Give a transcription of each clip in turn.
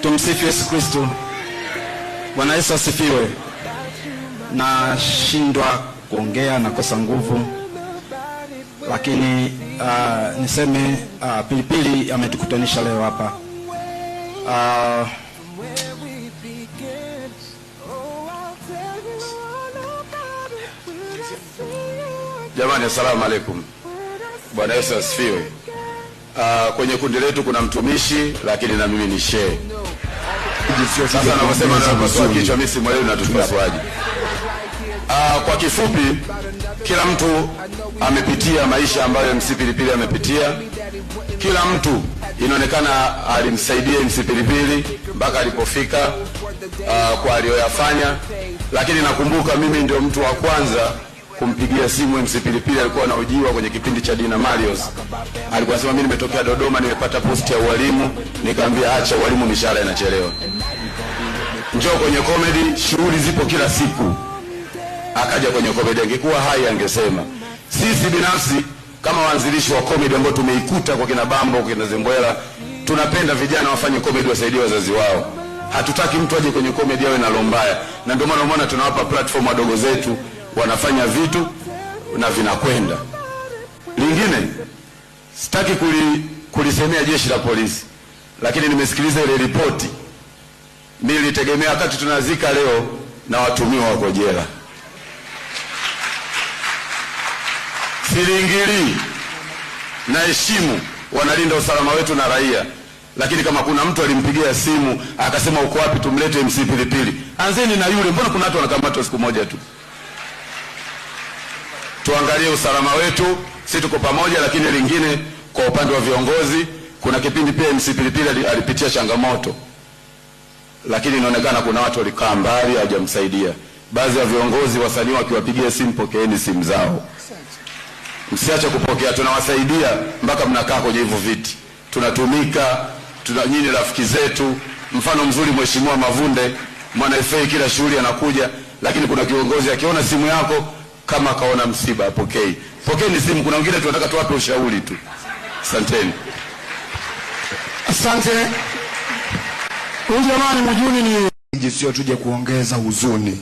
Tumsifu Yesu Kristo. Bwana Yesu asifiwe. Nashindwa kuongea, nakosa nguvu, lakini uh, niseme uh, Pilipili ametukutanisha leo hapa uh, ah, asalamu alaykum. Bwana Yesu asifiwe. Uh, kwenye kundi letu kuna mtumishi lakini na mimi ni shehe. Sasa navyosema napasua kichwa mimi si mwalimu natutuasuaji. Uh, kwa kifupi, kila mtu amepitia maisha ambayo MC Pilipili amepitia. Kila mtu inaonekana alimsaidia MC Pilipili mpaka alipofika uh, kwa aliyoyafanya, lakini nakumbuka mimi ndio mtu wa kwanza kumpigia simu MC Pilipili, alikuwa anaojiwa kwenye kipindi cha Dina Marios. Alikuwa anasema mimi nimetokea Dodoma, nimepata posti ya walimu, nikamwambia acha walimu, mishahara inachelewa, njoo kwenye comedy, shughuli zipo kila siku. Akaja kwenye comedy, angekuwa hai angesema. Sisi binafsi kama waanzilishi wa comedy ambao tumeikuta kwa kina Bambo, kwa kina Zembwela, tunapenda vijana wafanye comedy, wasaidie wazazi wao. Hatutaki mtu aje kwenye comedy awe na lombaya, na ndio maana umeona tunawapa platform wadogo zetu wanafanya vitu na vinakwenda. Lingine sitaki kuli, kulisemea jeshi la polisi, lakini nimesikiliza ile ripoti. Nilitegemea wakati tunazika leo na watumiwa wako jela. na naheshimu wanalinda usalama wetu na raia, lakini kama kuna mtu alimpigia simu akasema uko wapi, tumlete MC Pilipili, anzeni na yule. Mbona kuna watu wanakamatwa siku moja tu? tuangalie usalama wetu, si tuko pamoja. Lakini lingine, kwa upande wa viongozi, kuna kipindi pia MC Pilipili alipitia changamoto, lakini inaonekana kuna watu walikaa mbali, hawajamsaidia. Baadhi ya viongozi, wasanii wakiwapigia simu, pokeeni simu zao, msiache kupokea. Tunawasaidia mpaka mnakaa kwenye hivyo viti, tunatumika tuna, nyinyi rafiki zetu. Mfano mzuri Mheshimiwa Mavunde, mwana FA, kila shughuli anakuja, lakini kuna kiongozi akiona simu yako kama akaona msiba apokei. ni simu, kuna wengine tunataka tuwape ushauri tu. Asanteni, asante. Huyu jamani, mjuni ni sio tuje kuongeza huzuni,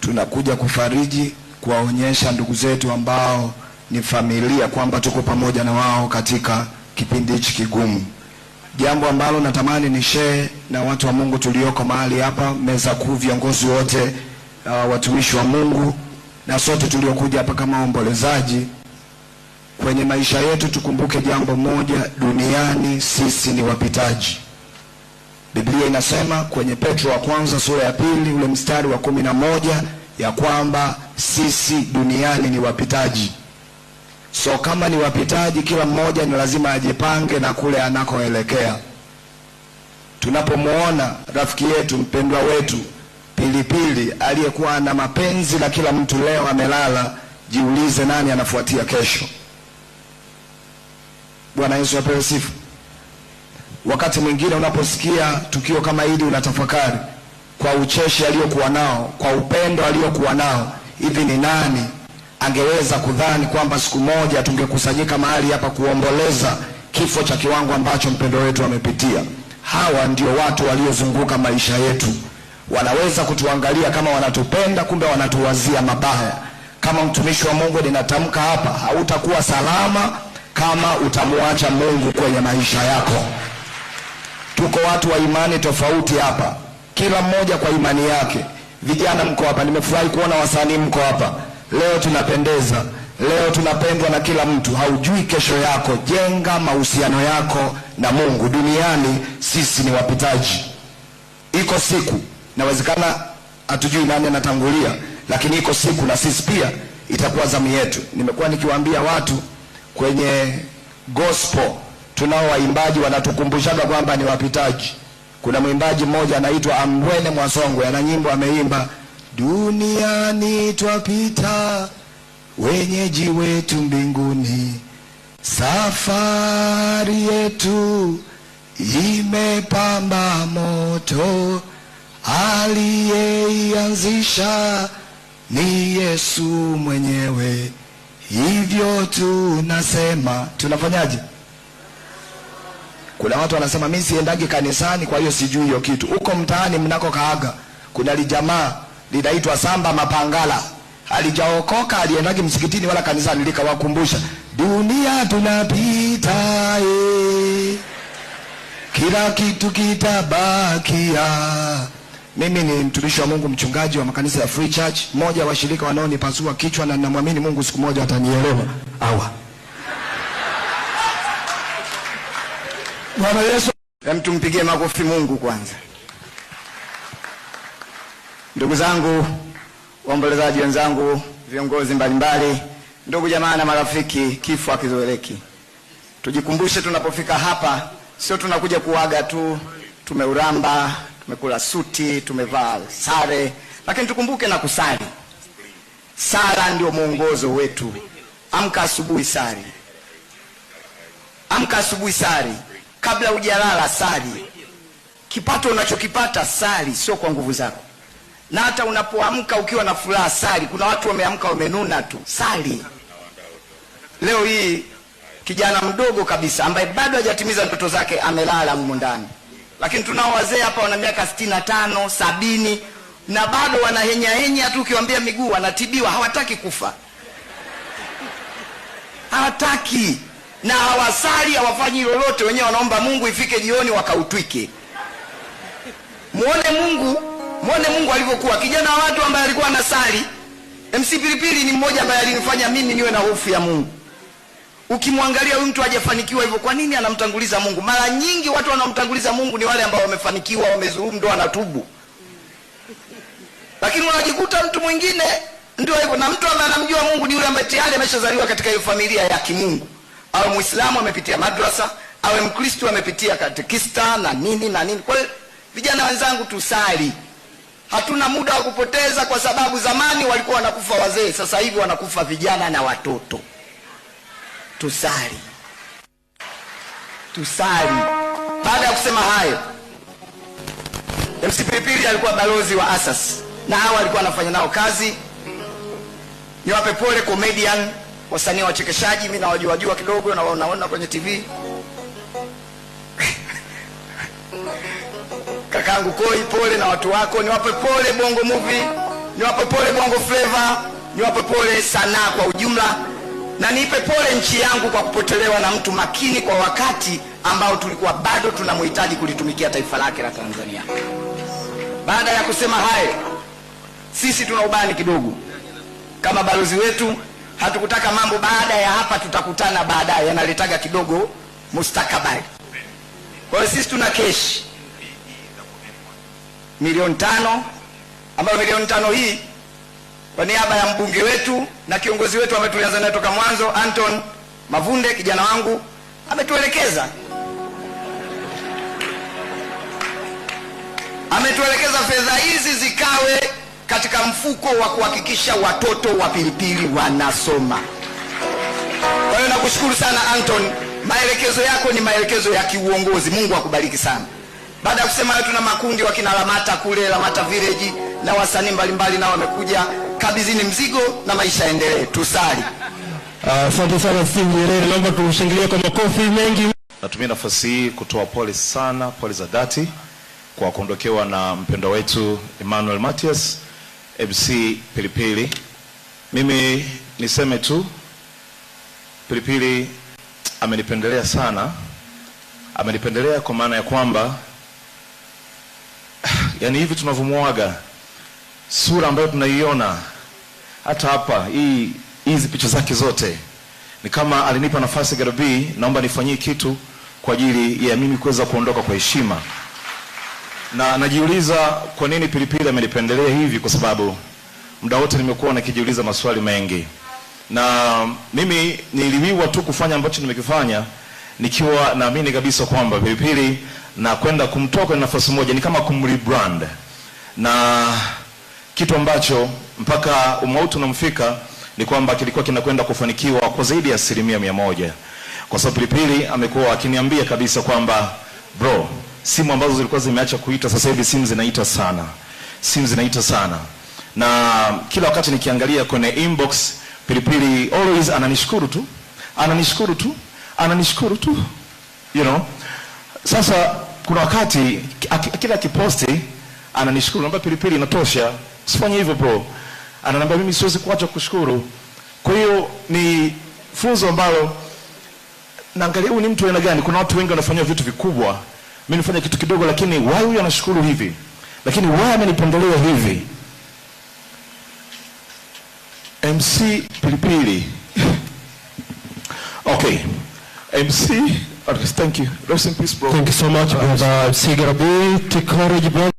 tunakuja kufariji, kuwaonyesha ndugu zetu ambao ni familia kwamba tuko pamoja na wao katika kipindi hichi kigumu. Jambo ambalo natamani ni shehe na watu wa Mungu tulioko mahali hapa, meza kuu, viongozi wote, uh, watumishi wa Mungu na sote tuliokuja hapa kama waombolezaji kwenye maisha yetu tukumbuke jambo moja, duniani sisi ni wapitaji. Biblia inasema kwenye Petro wa kwanza sura ya pili ule mstari wa kumi na moja ya kwamba sisi duniani ni wapitaji. So kama ni wapitaji, kila mmoja ni lazima ajipange na kule anakoelekea. Tunapomwona rafiki yetu mpendwa wetu pilipili aliyekuwa na mapenzi na kila mtu leo amelala, jiulize nani anafuatia kesho. Bwana Yesu apewe sifa. Wakati mwingine unaposikia tukio kama hili, unatafakari kwa ucheshi aliyokuwa nao, kwa upendo aliyokuwa nao, hivi ni nani angeweza kudhani kwamba siku moja tungekusanyika mahali hapa kuomboleza kifo cha kiwango ambacho mpendo wetu amepitia? Hawa ndio watu waliozunguka maisha yetu wanaweza kutuangalia kama wanatupenda, kumbe wanatuwazia mabaya. Kama mtumishi wa Mungu ninatamka hapa, hautakuwa salama kama utamwacha Mungu kwenye maisha yako. Tuko watu wa imani tofauti hapa, kila mmoja kwa imani yake. Vijana mko hapa, nimefurahi kuona wasanii mko hapa leo, tunapendeza leo, tunapendwa na kila mtu. Haujui kesho yako, jenga mahusiano yako na Mungu. Duniani sisi ni wapitaji, iko siku Inawezekana hatujui nani anatangulia, lakini iko siku na sisi pia itakuwa zamu yetu. Nimekuwa nikiwaambia watu kwenye gospel, tunao waimbaji wanatukumbushaga kwamba ni wapitaji. Kuna mwimbaji mmoja anaitwa Ambwene Mwasongwe, ana nyimbo ameimba, duniani twapita, wenyeji wetu mbinguni, safari yetu imepamba moto aliyeianzisha ni Yesu mwenyewe. Hivyo tunasema tunafanyaje? Kuna watu wanasema mimi siendagi kanisani, kwa hiyo sijui hiyo kitu. Huko mtaani mnako kaaga, kuna lijamaa linaitwa Samba Mapangala, alijaokoka aliendagi msikitini wala kanisani, likawakumbusha dunia tunapita, e, kila kitu kitabakia mimi ni mtumishi wa Mungu, mchungaji wa makanisa ya Free Church, mmoja wa shirika wanaonipasua kichwa, na ninamwamini Mungu siku moja atanielewa. Hawa Bwana Yesu, tumpigie makofi Mungu kwanza. Ndugu zangu, waombolezaji wenzangu, viongozi mbalimbali, ndugu jamaa na marafiki, kifo hakizoeleki. Tujikumbushe tunapofika hapa, sio tunakuja kuaga tu tumeuramba tumekula suti, tumevaa sare, lakini tukumbuke na kusali. Sala ndio mwongozo wetu. Amka asubuhi, sali. Amka asubuhi, sali. Kabla hujalala, sali. Kipato unachokipata sali, sio kwa nguvu zako. Na hata unapoamka ukiwa na furaha, sali. Kuna watu wameamka wamenuna tu, sali. Leo hii kijana mdogo kabisa ambaye bado hajatimiza ndoto zake amelala humo ndani lakini tunao wazee hapa wana miaka sitini na tano sabini na bado wanahenyahenya tu, ukiwambia miguu wanatibiwa, hawataki kufa, hawataki na hawasali, hawafanyi lolote, wenyewe wanaomba Mungu ifike jioni wakautwike. Muone Mungu, muone Mungu alivyokuwa. Kijana wa watu ambaye alikuwa anasali, MC Pilipili ni mmoja ambaye alinifanya mimi niwe na hofu ya Mungu. Ukimwangalia huyu mtu hajafanikiwa hivyo, kwa nini anamtanguliza Mungu? Mara nyingi watu wanaomtanguliza Mungu ni wale ambao wamefanikiwa, wamezuumu, ndo wanatubu Lakini unajikuta mtu mwingine ndio hivyo, na mtu ambaye anamjua Mungu ni yule ambaye tayari ameshazaliwa katika hiyo familia ya kimungu, awe Muislamu amepitia madrasa, awe Mkristo amepitia katekista na nini na nini. Kwa hiyo vijana wenzangu, tusali hatuna muda wa kupoteza, kwa sababu zamani walikuwa wanakufa wazee, sasa hivi wanakufa vijana na watoto tusali, tusali. Baada ya kusema hayo, MC Pilipili alikuwa balozi wa asas na hawa alikuwa anafanya nao kazi. Niwape pole comedian, wasanii wachekeshaji, mimi nawajuajua kidogo na wanaona kwenye TV kakangu Koi, pole na watu wako. Niwape pole Bongo Movie, niwape pole Bongo Flava, niwape pole sanaa kwa ujumla na niipe pole nchi yangu kwa kupotelewa na mtu makini kwa wakati ambao tulikuwa bado tunamhitaji kulitumikia taifa lake la Tanzania. Baada ya kusema hayo, sisi tuna ubani kidogo kama balozi wetu, hatukutaka mambo baada ya hapa tutakutana baadaye yanaletaga kidogo mustakabali. Kwa hiyo sisi tuna keshi milioni tano ambayo milioni tano hii kwa niaba ya mbunge wetu na kiongozi wetu ambaye tulianza naye toka mwanzo, Anton Mavunde, kijana wangu ametuelekeza ametuelekeza fedha hizi zikawe katika mfuko wa kuhakikisha watoto wa Pilipili wanasoma. Kwa hiyo nakushukuru sana Anton, maelekezo yako ni maelekezo ya kiuongozi. Mungu akubariki sana. Baada ya kusema hayo, tuna makundi wakina Lamata kule Lamata Village na wasanii mbalimbali nao wamekuja kabizini mzigo na maisha yaendelee. Tusali. Asante uh, sana Steve Nyerere, naomba tumshangilie kwa makofi mengi. Natumia nafasi hii kutoa pole sana, pole za dhati kwa kuondokewa na mpendwa wetu Emmanuel Matias MC Pilipili. Mimi niseme tu Pilipili amenipendelea sana, amenipendelea kwa maana ya kwamba yani hivi tunavyomuaga sura ambayo tunaiona hata hapa hii hizi picha zake zote ni kama alinipa nafasi Garabii, naomba nifanyie kitu kwa ajili ya mimi kuweza kuondoka kwa heshima, na najiuliza kwa nini Pilipili amenipendelea hivi, kwa sababu muda wote nimekuwa nikijiuliza maswali mengi, na mimi niliwiwa tu kufanya ambacho nimekifanya nikiwa naamini kabisa kwamba Pilipili na kwenda kumtoa kwenye nafasi moja ni kama kumrebrand na kitu ambacho mpaka umauti unamfika ni kwamba kilikuwa kinakwenda kufanikiwa kwa zaidi ya asilimia mia moja kwa sababu Pilipili amekuwa akiniambia kabisa kwamba bro, simu ambazo zilikuwa zimeacha kuita sasa hivi simu zinaita sana, simu zinaita sana, na kila wakati nikiangalia kwenye inbox Pilipili always ananishukuru tu, ananishukuru tu, ananishukuru tu, you know. Sasa kuna wakati kila kiposti ananishukuru, naomba Pilipili, inatosha. Sifanye hivyo bro. Ananiambia mimi siwezi kuacha kushukuru. Kwa hiyo ni funzo ambalo naangalia huyu ni mtu aina gani. Kuna watu wengi wanafanyia vitu vikubwa, mimi nifanya kitu kidogo, lakini why huyu anashukuru hivi, lakini why amenipendelea hivi. MC Pilipili okay. MC, thank you. Rest in peace, bro. Thank you so much, brother. MC Garabi, take courage, brother.